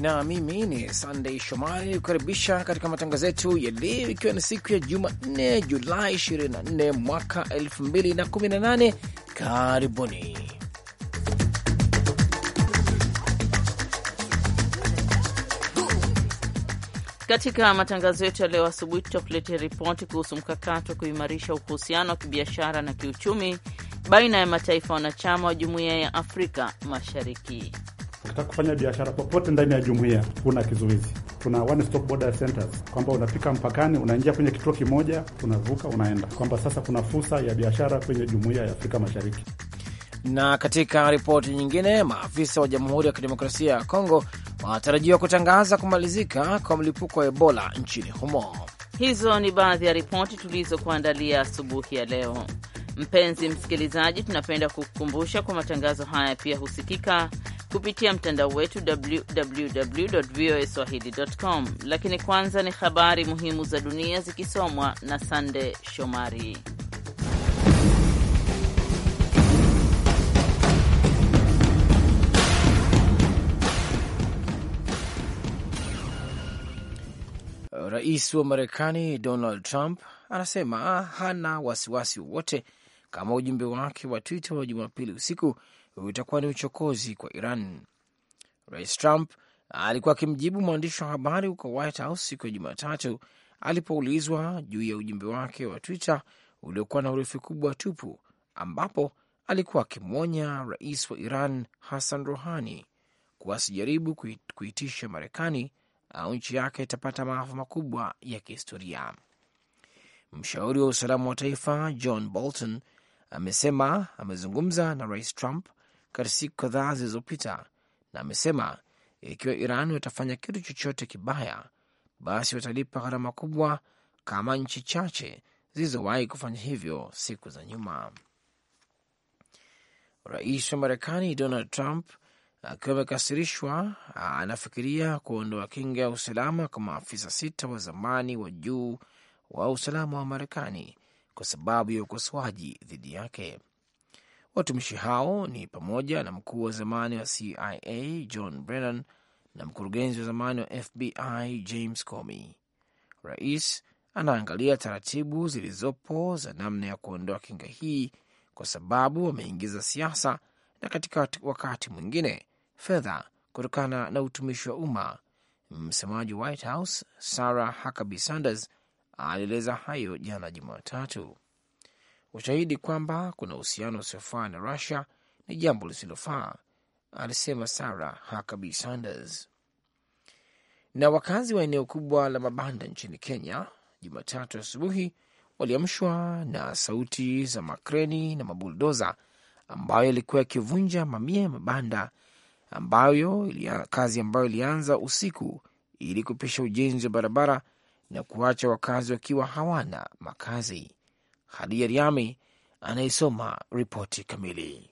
na mimi ni Sunday Shomari kukaribisha katika matangazo yetu ya leo, ikiwa ni siku ya Jumanne Julai 24 mwaka 2018. Karibuni katika matangazo yetu ya leo asubuhi. Tutakuletea ripoti kuhusu mkakati wa kuimarisha uhusiano wa kibiashara na kiuchumi baina ya mataifa wanachama wa jumuiya ya Afrika Mashariki. Ukitaka kufanya biashara popote ndani ya jumuiya huna kizuizi. kuna one stop border centers, kwamba unafika mpakani, unaingia kwenye kituo kimoja, unavuka, unaenda, kwamba sasa kuna fursa ya biashara kwenye jumuiya ya Afrika Mashariki. Na katika ripoti nyingine, maafisa wa Jamhuri ya Kidemokrasia ya Kongo wanatarajiwa kutangaza kumalizika kwa mlipuko wa Ebola nchini humo. Hizo ni baadhi ya ripoti tulizokuandalia asubuhi ya leo. Mpenzi msikilizaji, tunapenda kukukumbusha kwa matangazo haya pia husikika kupitia mtandao wetu www voa Lakini kwanza ni habari muhimu za dunia zikisomwa na Sande Shomari. Rais wa Marekani Donald Trump anasema hana wasiwasi wowote kama ujumbe wake wa Twitter wa Jumapili usiku utakuwa ni uchokozi kwa Iran. Rais Trump alikuwa akimjibu mwandishi wa habari huko White House siku ya Jumatatu alipoulizwa juu ya ujumbe wake wa Twitter uliokuwa na urefu kubwa tupu, ambapo alikuwa akimwonya rais wa Iran Hassan Rouhani kuwa asijaribu kuitisha Marekani au nchi yake itapata maafa makubwa ya kihistoria. Mshauri wa usalama wa taifa John Bolton amesema amezungumza na Rais Trump katika siku kadhaa zilizopita, na amesema ikiwa Iran watafanya kitu chochote kibaya, basi watalipa gharama kubwa kama nchi chache zilizowahi kufanya hivyo siku za nyuma. Rais wa Marekani Donald Trump akiwa amekasirishwa, anafikiria kuondoa kinga ya usalama kwa maafisa sita wa zamani wa juu wa usalama wa Marekani kwa sababu ya ukosoaji dhidi yake. Watumishi hao ni pamoja na mkuu wa zamani wa CIA John Brennan na mkurugenzi wa zamani wa FBI James Comey. Rais anaangalia taratibu zilizopo za namna ya kuondoa kinga hii, kwa sababu wameingiza siasa na katika wakati mwingine fedha kutokana na utumishi wa umma. Msemaji White House Sarah Huckabee Sanders alieleza hayo jana Jumatatu. Ushahidi kwamba kuna uhusiano usiofaa na Rusia ni jambo lisilofaa, alisema Sarah Huckabee Sanders. Na wakazi wa eneo kubwa la mabanda nchini Kenya Jumatatu asubuhi waliamshwa na sauti za makreni na mabuldoza ambayo ilikuwa yakivunja mamia ya mabanda ambayo ilia, kazi ambayo ilianza usiku ili kupisha ujenzi wa barabara na kuacha wakazi wakiwa hawana makazi. Hadi Yariami anayesoma ripoti kamili.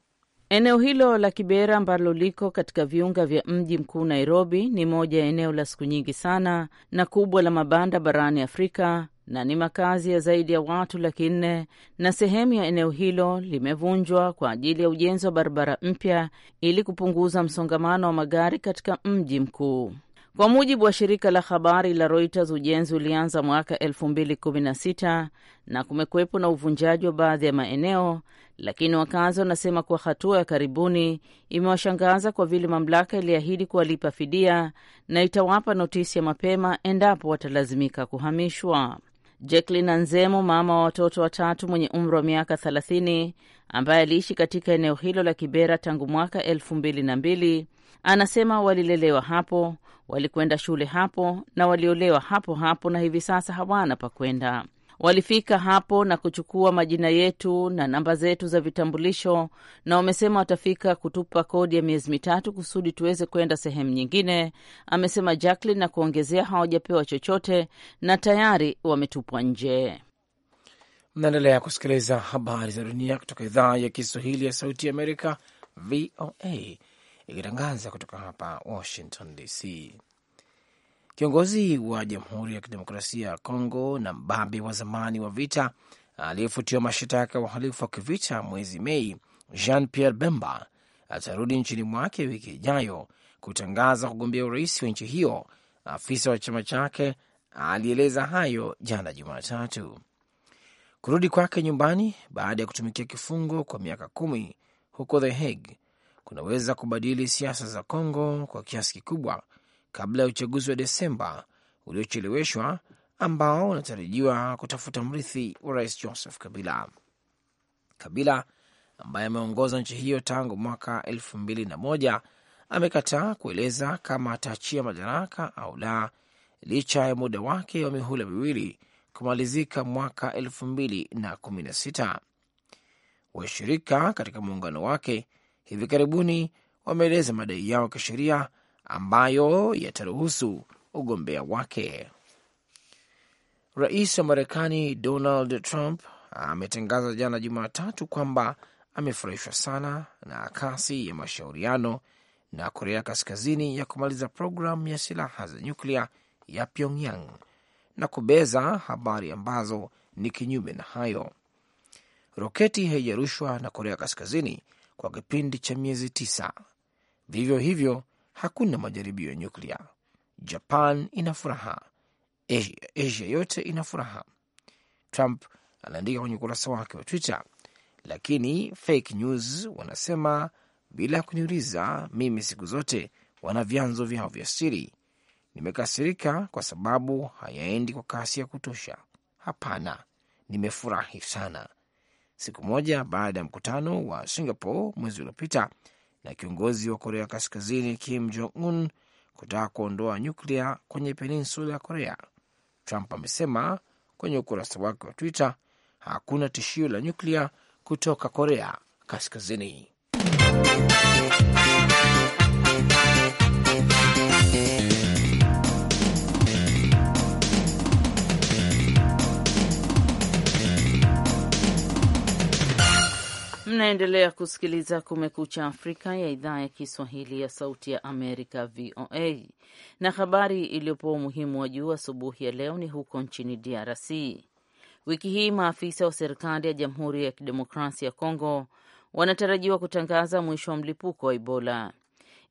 Eneo hilo la Kibera ambalo liko katika viunga vya mji mkuu Nairobi ni moja ya eneo la siku nyingi sana na kubwa la mabanda barani Afrika na ni makazi ya zaidi ya watu laki nne na sehemu ya eneo hilo limevunjwa kwa ajili ya ujenzi wa barabara mpya ili kupunguza msongamano wa magari katika mji mkuu. Kwa mujibu wa shirika la habari la Reuters, ujenzi ulianza mwaka 2016 na kumekuwepo na uvunjaji wa baadhi ya maeneo, lakini wakazi wanasema kuwa hatua ya karibuni imewashangaza kwa vile mamlaka iliahidi kuwalipa fidia na itawapa notisi ya mapema endapo watalazimika kuhamishwa. Jacqueline Anzemo, mama wa watoto watatu mwenye umri wa miaka 30, ambaye aliishi katika eneo hilo la Kibera tangu mwaka elfu mbili na mbili anasema walilelewa hapo, walikwenda shule hapo na waliolewa hapo hapo, na hivi sasa hawana pa kwenda. Walifika hapo na kuchukua majina yetu na namba zetu za vitambulisho, na wamesema watafika kutupa kodi ya miezi mitatu kusudi tuweze kwenda sehemu nyingine, amesema Jacqueline, na kuongezea hawajapewa chochote na tayari wametupwa nje. Mnaendelea kusikiliza habari za dunia kutoka idhaa ya Kiswahili ya Sauti ya Amerika, VOA, ikitangaza kutoka hapa Washington DC. Kiongozi wa Jamhuri ya Kidemokrasia ya Kongo na mbabe wa zamani wa vita aliyefutiwa mashtaka ya uhalifu wa kivita mwezi Mei, Jean Pierre Bemba atarudi nchini mwake wiki ijayo kutangaza kugombea urais wa nchi hiyo. Afisa wa chama chake alieleza hayo jana Jumatatu kurudi kwake nyumbani baada ya kutumikia kifungo kwa miaka kumi huko The Hague kunaweza kubadili siasa za congo kwa kiasi kikubwa kabla ya uchaguzi wa Desemba uliocheleweshwa ambao unatarajiwa kutafuta mrithi wa rais Joseph Kabila. Kabila ambaye ameongoza nchi hiyo tangu mwaka elfu mbili na moja amekataa kueleza kama ataachia madaraka au la, licha ya muda wake wa mihula miwili kumalizika mwaka elfu mbili na kumi na sita. Washirika katika muungano wake hivi karibuni wameeleza madai yao kisheria ambayo yataruhusu ugombea wake. Rais wa Marekani Donald Trump ametangaza jana Jumatatu kwamba amefurahishwa sana na kasi ya mashauriano na Korea Kaskazini ya kumaliza programu ya silaha za nyuklia ya Pyongyang na kubeza habari ambazo ni kinyume na hayo. Roketi haijarushwa na Korea Kaskazini kwa kipindi cha miezi tisa. Vivyo hivyo, hakuna majaribio ya nyuklia. Japan ina furaha, Asia, Asia yote ina furaha, Trump anaandika kwenye ukurasa wake wa Twitter. Lakini fake news wanasema bila kuniuliza mimi, siku zote wana vyanzo vyao vya siri nimekasirika kwa sababu hayaendi kwa kasi ya kutosha. Hapana, nimefurahi sana. Siku moja baada ya mkutano wa Singapore mwezi uliopita na kiongozi wa Korea Kaskazini Kim Jong Un kutaka kuondoa nyuklia kwenye peninsula ya Korea, Trump amesema kwenye ukurasa wake wa Twitter hakuna tishio la nyuklia kutoka Korea Kaskazini. Mnaendelea kusikiliza Kumekucha Afrika ya idhaa ya Kiswahili ya Sauti ya Amerika, VOA. Na habari iliyopewa umuhimu wa juu asubuhi ya leo ni huko nchini DRC. Wiki hii maafisa wa serikali ya Jamhuri ya Kidemokrasia ya Kongo wanatarajiwa kutangaza mwisho wa mlipuko wa Ebola.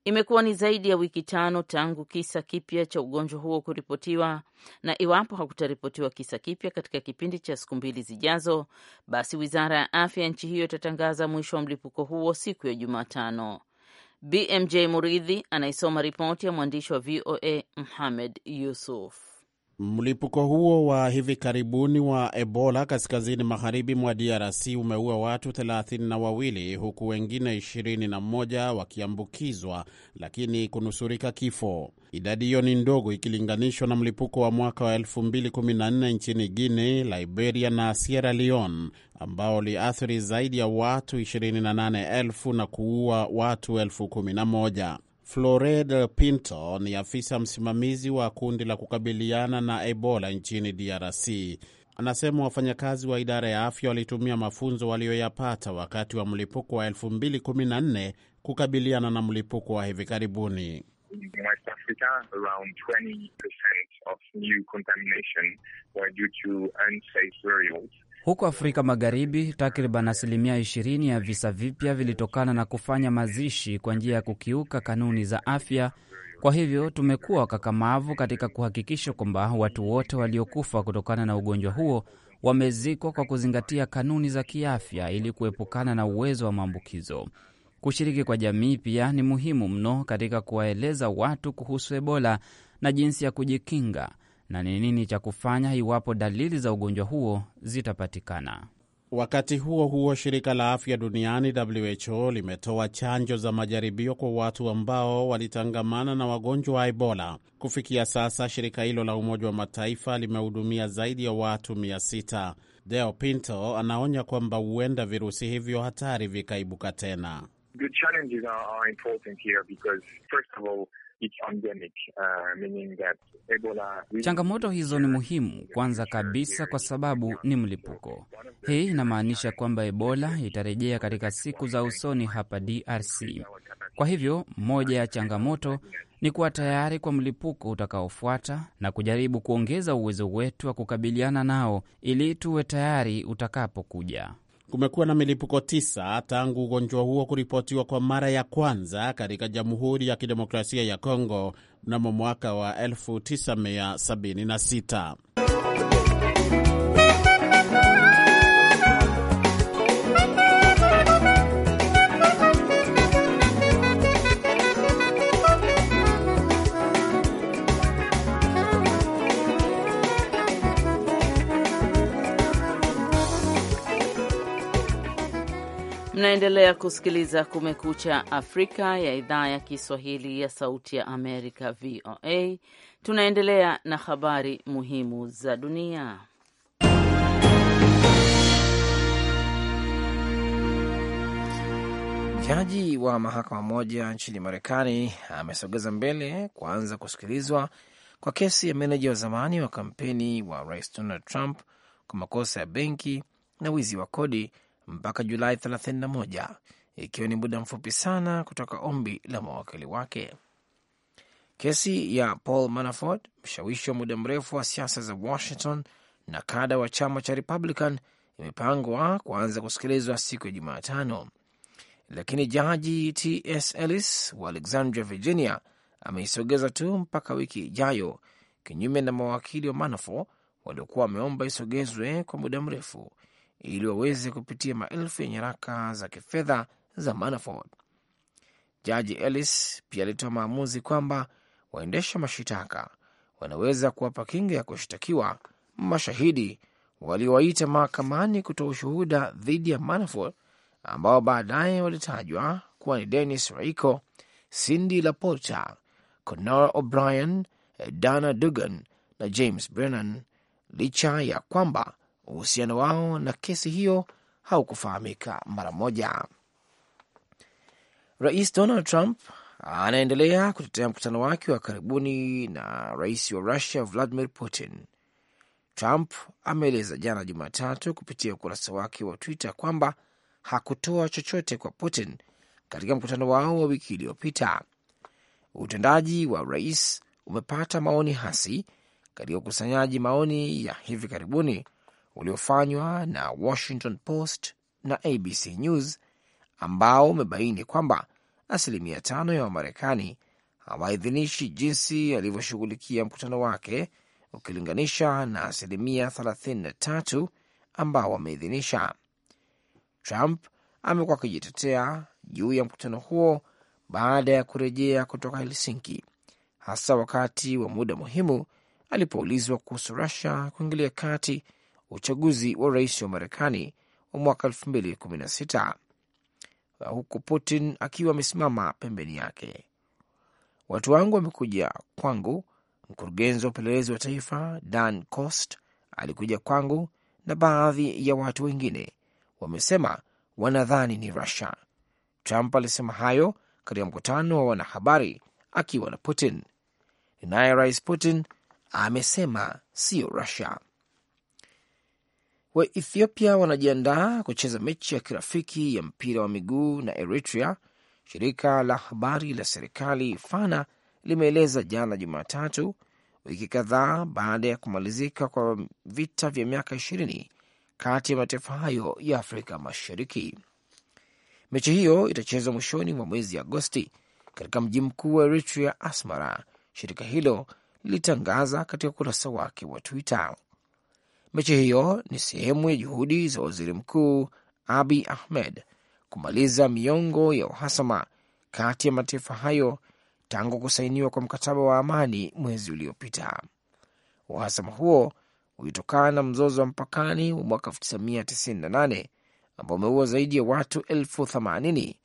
Imekuwa ni zaidi ya wiki tano tangu kisa kipya cha ugonjwa huo kuripotiwa, na iwapo hakutaripotiwa kisa kipya katika kipindi cha siku mbili zijazo, basi wizara ya afya ya nchi hiyo itatangaza mwisho wa mlipuko huo siku ya Jumatano. BMJ Muridhi anaisoma ripoti ya mwandishi wa VOA Muhamed Yusuf. Mlipuko huo wa hivi karibuni wa Ebola kaskazini magharibi mwa DRC umeua watu 3 na wawili huku wengine 21 wakiambukizwa lakini kunusurika kifo. Idadi hiyo ni ndogo ikilinganishwa na mlipuko wa mwaka wa 2014 nchini Guinea, Liberia na Sierra Leone ambao liathiri zaidi ya watu 28,000 na kuua watu 11,000. Florel Pinto ni afisa msimamizi wa kundi la kukabiliana na Ebola nchini DRC. Anasema wafanyakazi wa idara ya afya walitumia mafunzo waliyoyapata wakati wa mlipuko wa 2014 kukabiliana na mlipuko wa hivi karibuni. Huko Afrika Magharibi, takriban asilimia 20 ya visa vipya vilitokana na kufanya mazishi kwa njia ya kukiuka kanuni za afya. Kwa hivyo tumekuwa wakakamavu katika kuhakikisha kwamba watu wote waliokufa kutokana na ugonjwa huo wamezikwa kwa kuzingatia kanuni za kiafya ili kuepukana na uwezo wa maambukizo. Kushiriki kwa jamii pia ni muhimu mno katika kuwaeleza watu kuhusu Ebola na jinsi ya kujikinga na ni nini cha kufanya iwapo dalili za ugonjwa huo zitapatikana. Wakati huo huo, shirika la afya duniani WHO limetoa chanjo za majaribio kwa watu ambao walitangamana na wagonjwa wa Ebola. Kufikia sasa, shirika hilo la Umoja wa Mataifa limehudumia zaidi ya watu 600. Deo Pinto anaonya kwamba huenda virusi hivyo hatari vikaibuka tena. The challenges are important here because first of all Uh, changamoto hizo ni muhimu kwanza kabisa kwa sababu ni mlipuko. Hii inamaanisha kwamba Ebola itarejea katika siku za usoni hapa DRC. Kwa hivyo moja ya changamoto ni kuwa tayari kwa mlipuko utakaofuata na kujaribu kuongeza uwezo wetu wa kukabiliana nao ili tuwe tayari utakapokuja. Kumekuwa na milipuko tisa tangu ugonjwa huo kuripotiwa kwa mara ya kwanza katika Jamhuri ya Kidemokrasia ya Kongo mnamo mwaka wa 1976. Mnaendelea kusikiliza Kumekucha Afrika ya idhaa ya Kiswahili ya Sauti ya Amerika, VOA. Tunaendelea na habari muhimu za dunia. Jaji wa mahakama moja nchini Marekani amesogeza mbele kuanza kusikilizwa kwa kesi ya meneja wa zamani wa kampeni wa rais Donald Trump kwa makosa ya benki na wizi wa kodi mpaka Julai 31 ikiwa ni muda mfupi sana kutoka ombi la mawakili wake. Kesi ya Paul Manafort, mshawishi wa muda mrefu wa siasa za Washington na kada wa chama cha Republican, imepangwa kuanza kusikilizwa siku ya Jumatano, lakini jaji TS Ellis wa Alexandria, Virginia, ameisogeza tu mpaka wiki ijayo, kinyume na mawakili wa Manafort waliokuwa wameomba isogezwe kwa muda mrefu ili waweze kupitia maelfu ya nyaraka za kifedha za Manafort. Jaji Ellis pia alitoa maamuzi kwamba waendesha mashitaka wanaweza kuwapa kinga ya kushtakiwa mashahidi waliowaita mahakamani kutoa ushuhuda dhidi ya Manafort ambao baadaye walitajwa kuwa ni Denis Raiko, Cindy Laporta, Conor O'Brien, Dana Dugan na James Brennan, licha ya kwamba Uhusiano wao na kesi hiyo haukufahamika mara moja. Rais Donald Trump anaendelea kutetea mkutano wake wa karibuni na rais wa Russia Vladimir Putin. Trump ameeleza jana Jumatatu kupitia ukurasa wake wa Twitter kwamba hakutoa chochote kwa Putin katika mkutano wao wa wiki iliyopita. Utendaji wa rais umepata maoni hasi katika ukusanyaji maoni ya hivi karibuni uliofanywa na Washington Post na ABC News ambao umebaini kwamba asilimia tano ya Wamarekani hawaidhinishi jinsi alivyoshughulikia mkutano wake ukilinganisha na asilimia 33 ambao wameidhinisha. Trump amekuwa akijitetea juu ya mkutano huo baada ya kurejea kutoka Helsinki, hasa wakati wa muda muhimu alipoulizwa kuhusu Rusia kuingilia kati uchaguzi wa rais wa Marekani wa mwaka 2016 huku Putin akiwa amesimama pembeni yake. Watu wangu wamekuja kwangu. Mkurugenzi wa upelelezi wa taifa Dan Cost alikuja kwangu na baadhi ya watu wengine wamesema wanadhani ni Rusia. Trump alisema hayo katika mkutano wa wanahabari akiwa na Putin. Naye rais Putin amesema siyo Rusia wa ethiopia wanajiandaa kucheza mechi ya kirafiki ya mpira wa miguu na Eritrea. Shirika la habari la serikali Fana limeeleza jana Jumatatu, wiki kadhaa baada ya kumalizika kwa vita vya miaka ishirini kati ya mataifa hayo ya Afrika Mashariki. Mechi hiyo itachezwa mwishoni mwa mwezi Agosti katika mji mkuu wa Eritrea, Asmara. Shirika hilo lilitangaza katika ukurasa wake wa Twitter. Mechi hiyo ni sehemu ya juhudi za waziri mkuu Abi Ahmed kumaliza miongo ya uhasama kati ya mataifa hayo tangu kusainiwa kwa mkataba wa amani mwezi uliopita. Uhasama huo ulitokana na mzozo wa mpakani wa mwaka 1998 ambao umeua zaidi ya watu elfu themanini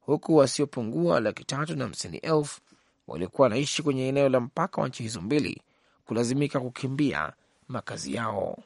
huku wasiopungua laki tatu na hamsini elfu waliokuwa wanaishi kwenye eneo la mpaka wa nchi hizo mbili kulazimika kukimbia makazi yao.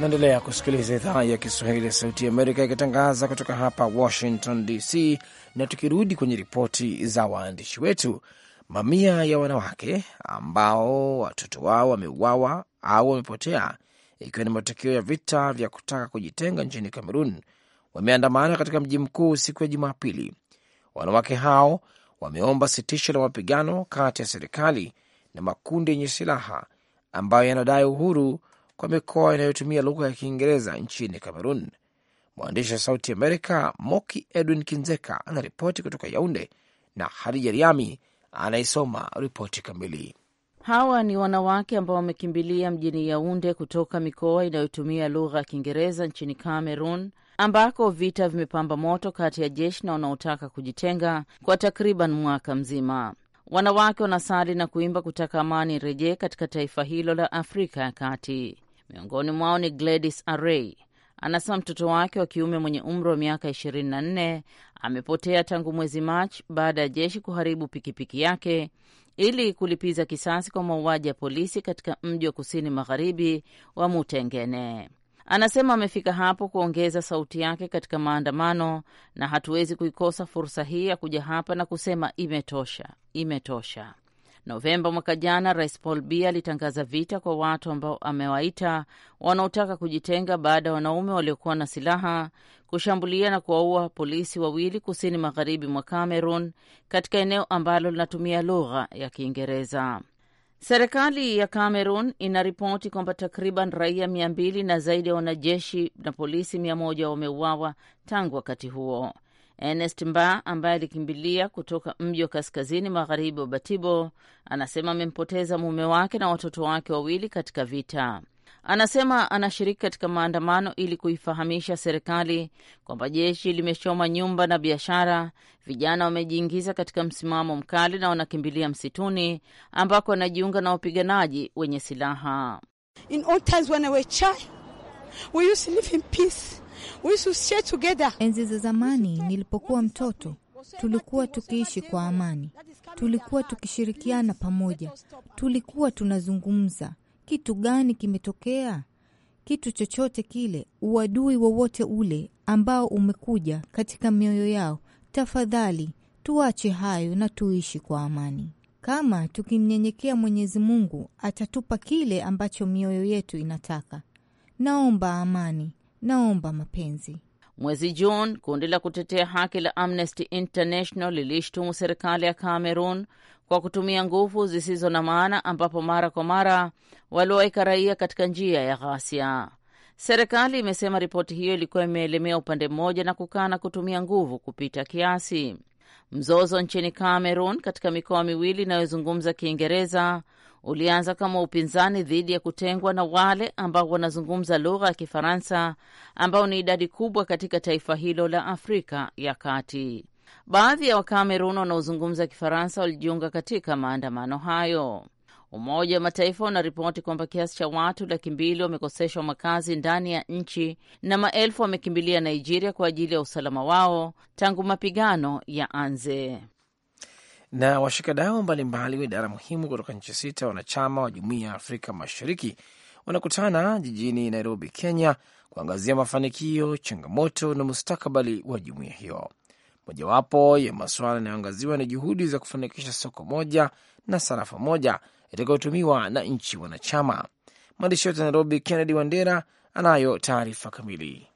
Naendelea kusikiliza idhaa ya Kiswahili ya Sauti ya Amerika ikitangaza kutoka hapa Washington DC. Na tukirudi kwenye ripoti za waandishi wetu, Mamia ya wanawake ambao watoto wao wameuawa au wamepotea ikiwa ni matokeo ya vita vya kutaka kujitenga nchini Kamerun wameandamana katika mji mkuu siku ya Jumapili. Wanawake hao wameomba sitisho la mapigano kati ya serikali na makundi yenye silaha ambayo yanadai uhuru kwa mikoa inayotumia lugha ya Kiingereza nchini Kamerun. Mwandishi wa Sauti Amerika Moki Edwin Kinzeka anaripoti kutoka Yaunde na Hadija Riami anayesoma ripoti kamili. Hawa ni wanawake ambao wamekimbilia mjini Yaunde kutoka mikoa inayotumia lugha ya Kiingereza nchini Cameroon ambako vita vimepamba moto kati ya jeshi na wanaotaka kujitenga kwa takriban mwaka mzima. Wanawake wanasali na kuimba kutaka amani rejee katika taifa hilo la Afrika ya Kati. Miongoni mwao ni Gladys Array, Anasema mtoto wake wa kiume mwenye umri wa miaka 24 amepotea tangu mwezi Machi baada ya jeshi kuharibu pikipiki yake ili kulipiza kisasi kwa mauaji ya polisi katika mji wa kusini magharibi wa Mutengene. Anasema amefika hapo kuongeza sauti yake katika maandamano, na hatuwezi kuikosa fursa hii ya kuja hapa na kusema imetosha, imetosha. Novemba mwaka jana, Rais Paul Biya alitangaza vita kwa watu ambao amewaita wanaotaka kujitenga baada ya wanaume waliokuwa na silaha kushambulia na kuwaua polisi wawili kusini magharibi mwa Cameroon katika eneo ambalo linatumia lugha ya Kiingereza. Serikali ya Cameroon inaripoti kwamba takriban raia mia mbili na zaidi ya wanajeshi na polisi mia moja wameuawa tangu wakati huo. Ernest Mba ambaye alikimbilia kutoka mji wa kaskazini magharibi wa Batibo anasema amempoteza mume wake na watoto wake wawili katika vita. Anasema anashiriki katika maandamano ili kuifahamisha serikali kwamba jeshi limechoma nyumba na biashara. Vijana wamejiingiza katika msimamo mkali na wanakimbilia msituni ambako wanajiunga na wapiganaji wenye silaha. In all times when were child, we used to live in peace. Enzi za zamani nilipokuwa mtoto tulikuwa tukiishi kwa amani, tulikuwa tukishirikiana pamoja, tulikuwa tunazungumza kitu gani kimetokea, kitu chochote kile, uadui wowote ule ambao umekuja katika mioyo yao. Tafadhali tuache hayo na tuishi kwa amani. Kama tukimnyenyekea Mwenyezi Mungu, atatupa kile ambacho mioyo yetu inataka. Naomba amani naomba mapenzi. Mwezi Juni, kundi la kutetea haki la Amnesty International lilishtumu serikali ya Cameroon kwa kutumia nguvu zisizo na maana, ambapo mara kwa mara waliwaweka raia katika njia ya ghasia. Serikali imesema ripoti hiyo ilikuwa imeelemea upande mmoja na kukana kutumia nguvu kupita kiasi. Mzozo nchini Cameroon katika mikoa miwili inayozungumza Kiingereza ulianza kama upinzani dhidi ya kutengwa na wale ambao wanazungumza lugha ya Kifaransa, ambao ni idadi kubwa katika taifa hilo la Afrika ya Kati. Baadhi ya Wakamerun wanaozungumza Kifaransa walijiunga katika maandamano hayo. Umoja wa Mataifa unaripoti kwamba kiasi cha watu laki mbili wamekoseshwa makazi ndani ya nchi na maelfu wamekimbilia Nigeria kwa ajili ya usalama wao tangu mapigano ya anze na washikadau mbalimbali wa idara muhimu kutoka nchi sita wanachama wa jumuiya ya Afrika Mashariki wanakutana jijini Nairobi, Kenya, kuangazia mafanikio, changamoto na mustakabali wa jumuiya hiyo. Mojawapo ya masuala yanayoangaziwa ni juhudi za kufanikisha soko moja na sarafu moja itakayotumiwa na nchi wanachama. Mwandishi wetu Nairobi, Kennedy Wandera, anayo taarifa kamili.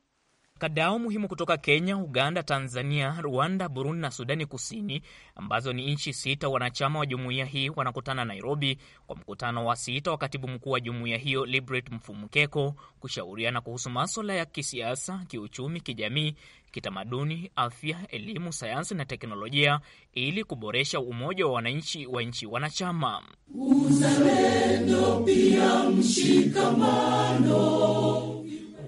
Kadao muhimu kutoka Kenya, Uganda, Tanzania, Rwanda, Burundi na Sudani Kusini, ambazo ni nchi sita wanachama wa jumuiya hii, wanakutana Nairobi kwa mkutano wa sita wa katibu mkuu wa jumuiya hiyo Libret Mfumukeko kushauriana kuhusu maswala ya kisiasa, kiuchumi, kijamii, kitamaduni, afya, elimu, sayansi na teknolojia ili kuboresha umoja wa wananchi wa nchi wanachama. Uzalendo pia mshikamano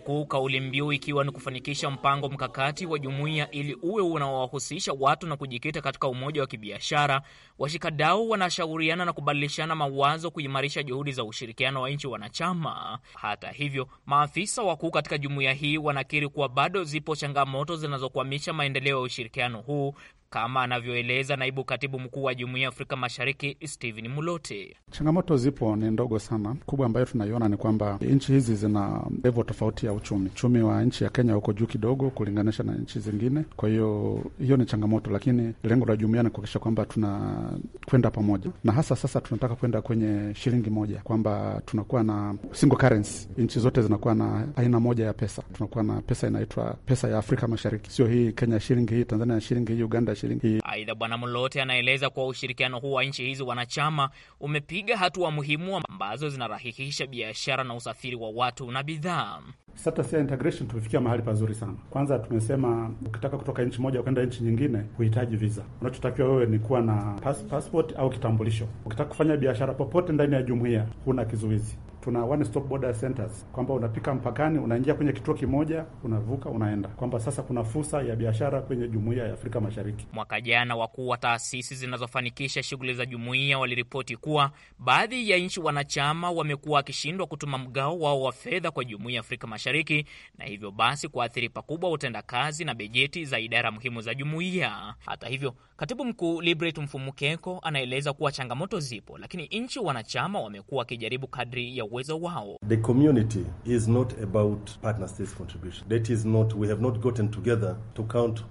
huku kauli mbiu ikiwa ni kufanikisha mpango mkakati wa jumuiya ili uwe unaowahusisha watu na kujikita katika umoja wa kibiashara. Washikadau wanashauriana na kubadilishana mawazo kuimarisha juhudi za ushirikiano wa nchi wanachama. Hata hivyo, maafisa wakuu katika jumuiya hii wanakiri kuwa bado zipo changamoto zinazokwamisha maendeleo ya ushirikiano huu kama anavyoeleza naibu katibu mkuu wa jumuiya ya Afrika Mashariki Stephen Mulote. Changamoto zipo ni ndogo sana. Kubwa ambayo tunaiona ni kwamba nchi hizi zina levo tofauti ya uchumi. Uchumi wa nchi ya Kenya uko juu kidogo kulinganisha na nchi zingine, kwa hiyo hiyo ni changamoto, lakini lengo la jumuiya ni kuhakikisha kwamba tunakwenda pamoja, na hasa sasa tunataka kwenda kwenye shilingi moja, kwamba tunakuwa na single currency, nchi zote zinakuwa na aina moja ya pesa. Tunakuwa na pesa inaitwa pesa ya Afrika Mashariki, sio hii Kenya shilingi, hii Tanzania shilingi, hii Uganda shilingi. Aidha, Bwana Mlote anaeleza kuwa ushirikiano huu wa nchi hizi wanachama umepiga hatua muhimu ambazo zinarahihisha biashara na usafiri wa watu na bidhaa. Status ya integration tumefikia mahali pazuri sana. Kwanza tumesema ukitaka kutoka nchi moja ukaenda nchi nyingine huhitaji visa. Unachotakiwa wewe ni kuwa na pas passport au kitambulisho. Ukitaka kufanya biashara popote ndani ya jumuiya huna kizuizi tuna one stop border centers, kwamba unapika mpakani, unaingia kwenye kituo kimoja, unavuka, unaenda, kwamba sasa kuna fursa ya biashara kwenye jumuiya ya Afrika Mashariki. Mwaka jana wakuu wa taasisi zinazofanikisha shughuli za jumuiya waliripoti kuwa baadhi ya nchi wanachama wamekuwa wakishindwa kutuma mgao wao wa fedha kwa jumuiya ya Afrika Mashariki, na hivyo basi kuathiri pakubwa utendakazi na bejeti za idara muhimu za jumuiya. Hata hivyo, katibu mkuu Libret Mfumukeko anaeleza kuwa changamoto zipo, lakini nchi wanachama wamekuwa wakijaribu kadri ya uwezo wao. The community is not about partner states contribution. That is not, we have not gotten together to count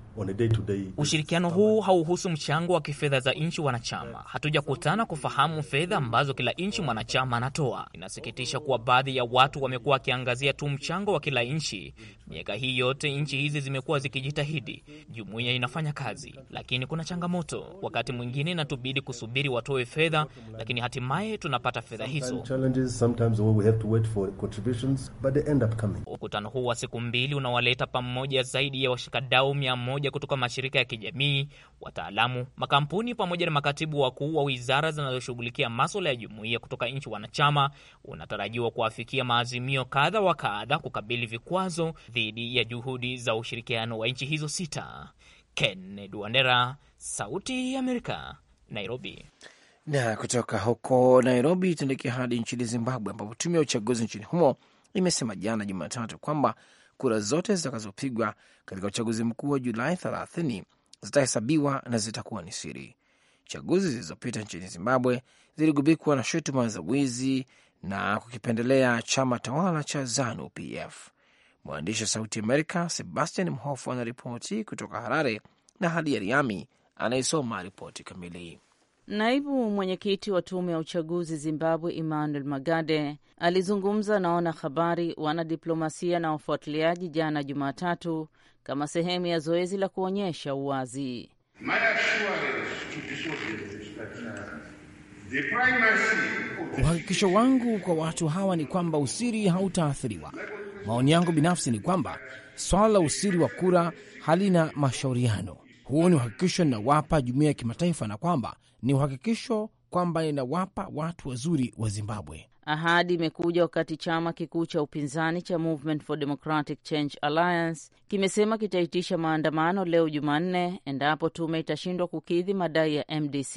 Ushirikiano huu hauhusu mchango wa kifedha za nchi wanachama. Hatujakutana kufahamu fedha ambazo kila nchi mwanachama anatoa. Inasikitisha kuwa baadhi ya watu wamekuwa wakiangazia tu mchango wa kila nchi. Miaka hii yote nchi hizi zimekuwa zikijitahidi, jumuiya inafanya kazi, lakini kuna changamoto. Wakati mwingine inatubidi kusubiri watoe fedha, lakini hatimaye tunapata fedha hizo. Mkutano huu wa siku mbili unawaleta pamoja zaidi ya washikadau mia moja kutoka mashirika ya kijamii, wataalamu, makampuni pamoja na makatibu wakuu wa wizara zinazoshughulikia maswala ya jumuiya kutoka nchi wanachama unatarajiwa kuafikia maazimio kadha wa kadha kukabili vikwazo dhidi ya juhudi za ushirikiano wa nchi hizo sita. Kennedy Wandera, Sauti ya Amerika, Nairobi. Na kutoka huko Nairobi tuendekea hadi nchini Zimbabwe, ambapo tume ya uchaguzi nchini humo imesema jana Jumatatu kwamba kura zote zitakazopigwa katika uchaguzi mkuu wa Julai 30 zitahesabiwa na zitakuwa ni siri. Chaguzi zilizopita nchini Zimbabwe ziligubikwa na shutuma za wizi na kukipendelea chama tawala cha ZANU PF. Mwandishi wa Sauti Amerika Sebastian Mhofu anaripoti kutoka Harare na Hadi Yariami anayesoma ripoti kamili. Naibu mwenyekiti wa tume ya uchaguzi Zimbabwe, Emmanuel Magade, alizungumza na wanahabari, wanadiplomasia na wafuatiliaji jana Jumatatu kama sehemu ya zoezi la kuonyesha uwazi. Uhakikisho wangu kwa watu hawa ni kwamba usiri hautaathiriwa. Maoni yangu binafsi ni kwamba swala la usiri wa kura halina mashauriano. Huo ni uhakikisho ninawapa jumuiya ya kimataifa na kwamba ni uhakikisho kwamba inawapa watu wazuri wa Zimbabwe. Ahadi imekuja wakati chama kikuu cha upinzani cha Movement for Democratic Change Alliance kimesema kitaitisha maandamano leo Jumanne endapo tume itashindwa kukidhi madai ya MDC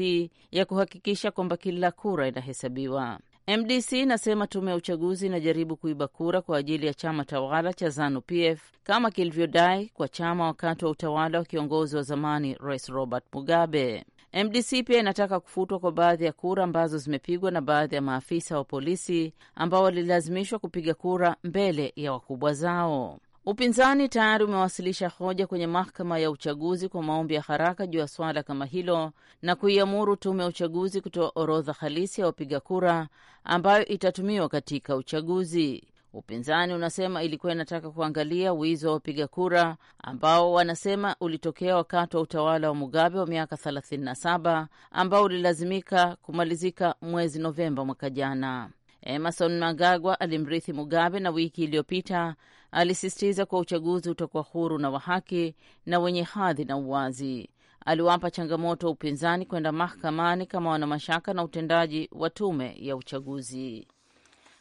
ya kuhakikisha kwamba kila kura inahesabiwa. MDC inasema tume ya uchaguzi inajaribu kuiba kura kwa ajili ya chama tawala cha ZANU-PF kama kilivyodai kwa chama wakati wa utawala wa kiongozi wa zamani Rais Robert Mugabe. MDC pia inataka kufutwa kwa baadhi ya kura ambazo zimepigwa na baadhi ya maafisa wa polisi ambao walilazimishwa kupiga kura mbele ya wakubwa zao. Upinzani tayari umewasilisha hoja kwenye mahakama ya uchaguzi kwa maombi ya haraka juu ya swala kama hilo na kuiamuru tume ya uchaguzi kutoa orodha halisi ya wapiga kura ambayo itatumiwa katika uchaguzi. Upinzani unasema ilikuwa inataka kuangalia wizi wa wapiga kura ambao wanasema ulitokea wakati wa utawala wa Mugabe wa miaka 37 ambao ulilazimika kumalizika mwezi Novemba mwaka jana. Emerson Mnangagwa alimrithi Mugabe na wiki iliyopita alisisitiza kuwa uchaguzi utakuwa huru na wa haki na wenye hadhi na uwazi. Aliwapa changamoto wa upinzani kwenda mahakamani kama wana mashaka na utendaji wa tume ya uchaguzi.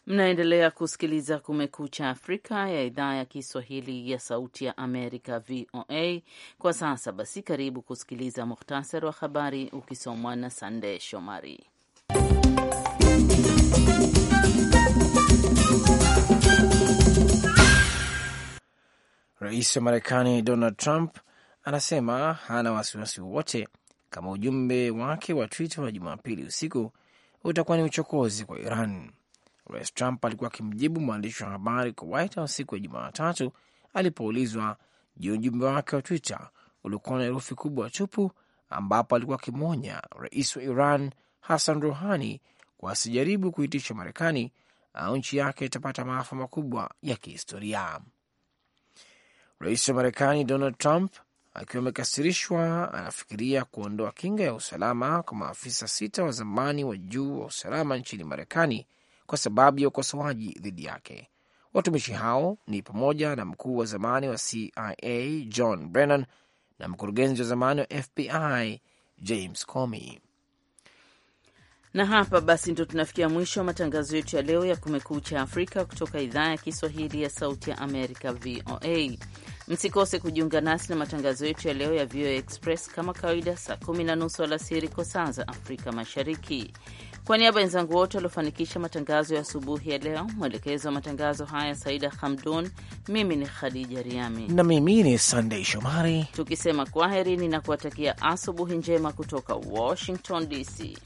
Mnaendelea kusikiliza Kumekucha Afrika ya idhaa ya Kiswahili ya Sauti ya Amerika, VOA. Kwa sasa basi, karibu kusikiliza muhtasari wa habari ukisomwa na Sande Shomari. Rais wa Marekani Donald Trump anasema hana wasiwasi wowote kama ujumbe wake wa Twitter wa Jumapili usiku utakuwa ni uchokozi kwa Iran. Rais Trump alikuwa akimjibu mwandishi wa habari kwa White House siku ya Jumatatu alipoulizwa juu ujumbe wake wa Twitter uliokuwa na herufi kubwa tupu, ambapo alikuwa akimwonya rais wa Iran Hassan Rouhani kwa asijaribu kuitisha Marekani au nchi yake itapata maafa makubwa ya kihistoria. Rais wa Marekani Donald Trump akiwa amekasirishwa, anafikiria kuondoa kinga ya usalama kwa maafisa sita wa zamani wa juu wa usalama nchini Marekani kwa sababu ya ukosoaji dhidi yake. Watumishi hao ni pamoja na mkuu wa zamani wa CIA John Brennan na mkurugenzi wa zamani wa FBI James Comey. Na hapa basi ndo tunafikia mwisho wa matangazo yetu ya leo ya Kumekucha Afrika kutoka idhaa ya Kiswahili ya Sauti ya Amerika, VOA. Msikose kujiunga nasi na matangazo yetu ya leo ya VOA Express kama kawaida, saa kumi na nusu alasiri kwa saa za Afrika Mashariki. Kwa niaba ya wenzangu wote waliofanikisha matangazo ya asubuhi ya leo, mwelekezi wa matangazo haya Saida Hamdun, mimi ni Khadija Riami na mimi ni Sandei Shomari, tukisema kwaherini na kuwatakia asubuhi njema kutoka Washington DC.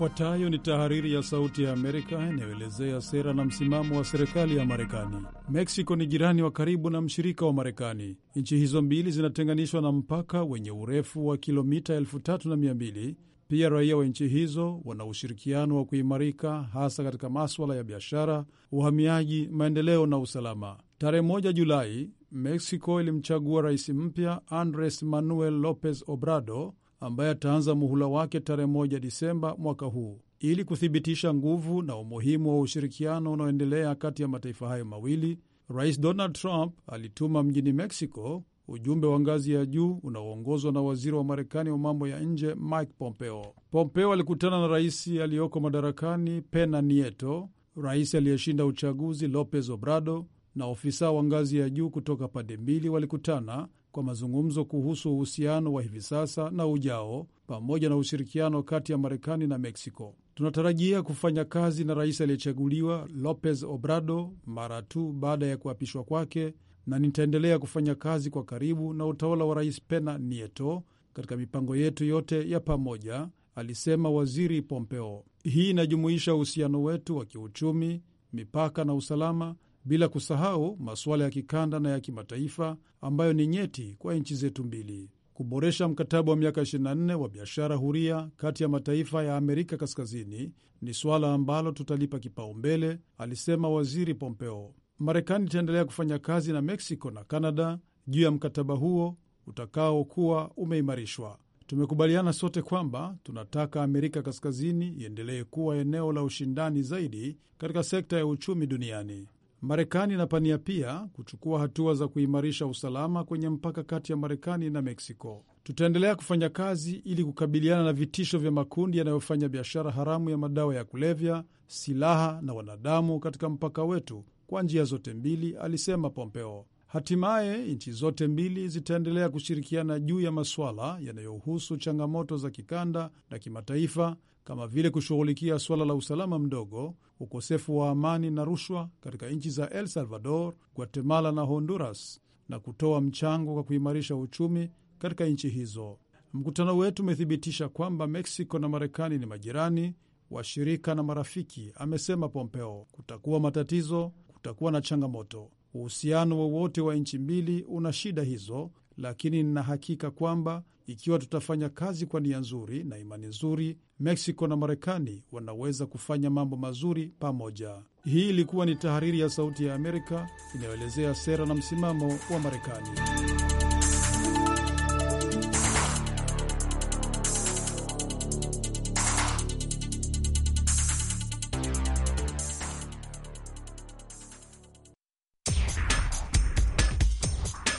Ifuatayo ni tahariri ya Sauti ya Amerika inayoelezea sera na msimamo wa serikali ya Marekani. Meksiko ni jirani wa karibu na mshirika wa Marekani. Nchi hizo mbili zinatenganishwa na mpaka wenye urefu wa kilomita elfu tatu na mia mbili. Pia raia wa nchi hizo wana ushirikiano wa kuimarika hasa katika maswala ya biashara, uhamiaji, maendeleo na usalama. Tarehe moja Julai, Meksiko ilimchagua rais mpya Andres Manuel Lopez Obrador ambaye ataanza muhula wake tarehe moja Disemba mwaka huu ili kuthibitisha nguvu na umuhimu wa ushirikiano unaoendelea kati ya mataifa hayo mawili. Rais Donald Trump alituma mjini Mexico ujumbe wa ngazi ya juu unaoongozwa na waziri wa Marekani wa mambo ya nje Mike Pompeo. Pompeo alikutana na rais aliyoko madarakani Pena Nieto, rais aliyeshinda uchaguzi Lopez Obrado na ofisa wa ngazi ya juu kutoka pande mbili walikutana kwa mazungumzo kuhusu uhusiano wa hivi sasa na ujao, pamoja na ushirikiano kati ya Marekani na Meksiko. Tunatarajia kufanya kazi na rais aliyechaguliwa Lopez Obrador mara tu baada ya kuapishwa kwake, na nitaendelea kufanya kazi kwa karibu na utawala wa rais Pena Nieto katika mipango yetu yote ya pamoja, alisema Waziri Pompeo. Hii inajumuisha uhusiano wetu wa kiuchumi, mipaka na usalama bila kusahau masuala ya kikanda na ya kimataifa ambayo ni nyeti kwa nchi zetu mbili. Kuboresha mkataba wa miaka 24 wa biashara huria kati ya mataifa ya Amerika Kaskazini ni suala ambalo tutalipa kipaumbele, alisema Waziri Pompeo. Marekani itaendelea kufanya kazi na Meksiko na Kanada juu ya mkataba huo utakaokuwa umeimarishwa. Tumekubaliana sote kwamba tunataka Amerika Kaskazini iendelee kuwa eneo la ushindani zaidi katika sekta ya uchumi duniani. Marekani inapania pia kuchukua hatua za kuimarisha usalama kwenye mpaka kati ya Marekani na Meksiko. Tutaendelea kufanya kazi ili kukabiliana na vitisho vya makundi yanayofanya biashara haramu ya madawa ya kulevya, silaha na wanadamu katika mpaka wetu kwa njia zote mbili, alisema Pompeo. Hatimaye nchi zote mbili zitaendelea kushirikiana juu ya masuala yanayohusu changamoto za kikanda na kimataifa kama vile kushughulikia suala la usalama mdogo, ukosefu wa amani na rushwa katika nchi za El Salvador, Guatemala na Honduras, na kutoa mchango kwa kuimarisha uchumi katika nchi hizo. Mkutano wetu umethibitisha kwamba Meksiko na Marekani ni majirani, washirika na marafiki, amesema Pompeo. Kutakuwa matatizo, kutakuwa na changamoto Uhusiano wowote wa, nchi mbili una shida hizo, lakini nina hakika kwamba ikiwa tutafanya kazi kwa nia nzuri na imani nzuri, Meksiko na Marekani wanaweza kufanya mambo mazuri pamoja. Hii ilikuwa ni tahariri ya Sauti ya Amerika inayoelezea sera na msimamo wa Marekani.